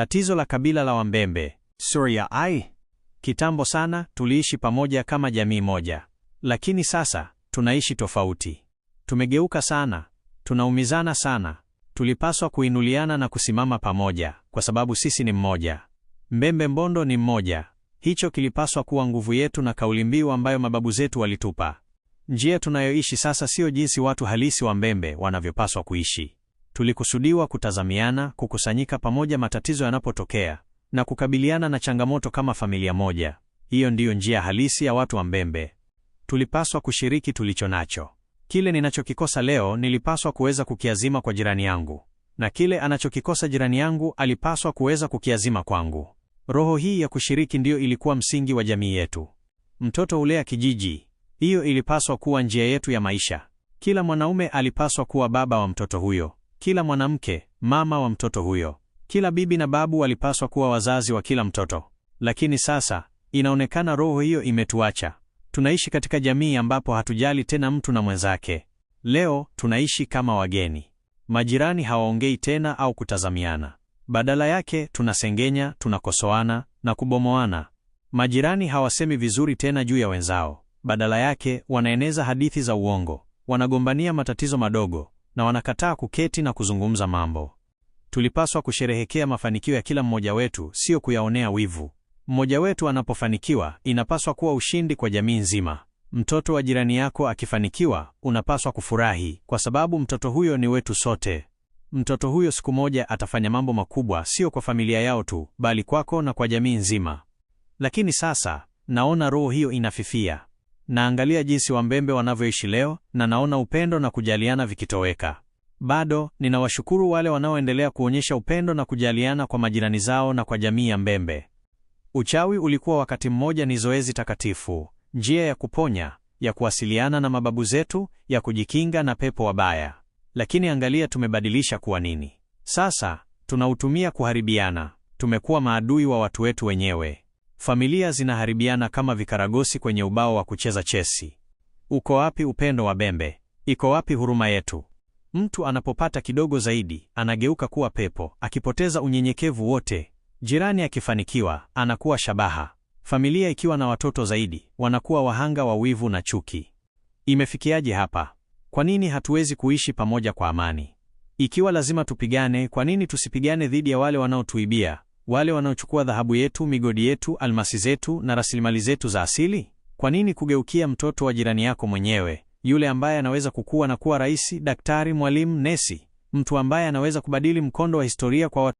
Tatizo la kabila la Wambembe. Surya ai, kitambo sana tuliishi pamoja kama jamii moja, lakini sasa tunaishi tofauti. Tumegeuka sana, tunaumizana sana. Tulipaswa kuinuliana na kusimama pamoja, kwa sababu sisi ni mmoja. Mbembe Mbondo ni mmoja. Hicho kilipaswa kuwa nguvu yetu na kauli mbiu ambayo mababu zetu walitupa. Njia tunayoishi sasa siyo jinsi watu halisi wa Mbembe wanavyopaswa kuishi tulikusudiwa kutazamiana, kukusanyika pamoja matatizo yanapotokea na kukabiliana na changamoto kama familia moja. Hiyo ndiyo njia halisi ya watu wa Mbembe. Tulipaswa kushiriki tulicho nacho. Kile ninachokikosa leo nilipaswa kuweza kukiazima kwa jirani yangu, na kile anachokikosa jirani yangu alipaswa kuweza kukiazima kwangu. Roho hii ya kushiriki ndiyo ilikuwa msingi wa jamii yetu. Mtoto hulea kijiji, hiyo ilipaswa kuwa njia yetu ya maisha. Kila mwanaume alipaswa kuwa baba wa mtoto huyo. Kila mwanamke mama wa mtoto huyo, kila bibi na babu walipaswa kuwa wazazi wa kila mtoto, lakini sasa inaonekana roho hiyo imetuacha. Tunaishi katika jamii ambapo hatujali tena mtu na mwenzake. Leo tunaishi kama wageni, majirani hawaongei tena au kutazamiana. Badala yake tunasengenya, tunakosoana na kubomoana. Majirani hawasemi vizuri tena juu ya wenzao, badala yake wanaeneza hadithi za uongo, wanagombania matatizo madogo na wanakataa kuketi na kuzungumza mambo. Tulipaswa kusherehekea mafanikio ya kila mmoja wetu, sio kuyaonea wivu. Mmoja wetu anapofanikiwa, inapaswa kuwa ushindi kwa jamii nzima. Mtoto wa jirani yako akifanikiwa, unapaswa kufurahi kwa sababu mtoto huyo ni wetu sote. Mtoto huyo siku moja atafanya mambo makubwa, sio kwa familia yao tu, bali kwako na kwa jamii nzima. Lakini sasa naona roho hiyo inafifia naangalia jinsi Wambembe wanavyoishi leo na naona upendo na kujaliana vikitoweka. Bado ninawashukuru wale wanaoendelea kuonyesha upendo na kujaliana kwa majirani zao na kwa jamii ya Mbembe. Uchawi ulikuwa wakati mmoja ni zoezi takatifu, njia ya kuponya, ya kuwasiliana na mababu zetu, ya kujikinga na pepo wabaya. Lakini angalia tumebadilisha kuwa nini sasa. Tunautumia kuharibiana, tumekuwa maadui wa watu wetu wenyewe. Familia zinaharibiana kama vikaragosi kwenye ubao wa kucheza chesi. Uko wapi upendo wa Bembe? Iko wapi huruma yetu? Mtu anapopata kidogo zaidi anageuka kuwa pepo, akipoteza unyenyekevu wote. Jirani akifanikiwa anakuwa shabaha. Familia ikiwa na watoto zaidi wanakuwa wahanga wa wivu na chuki. Imefikiaje hapa? Kwa nini hatuwezi kuishi pamoja kwa amani? Ikiwa lazima tupigane, kwa nini tusipigane dhidi ya wale wanaotuibia? wale wanaochukua dhahabu yetu, migodi yetu, almasi zetu na rasilimali zetu za asili? Kwa nini kugeukia mtoto wa jirani yako mwenyewe, yule ambaye anaweza kukua na kuwa rais, daktari, mwalimu, nesi, mtu ambaye anaweza kubadili mkondo wa historia kwa watu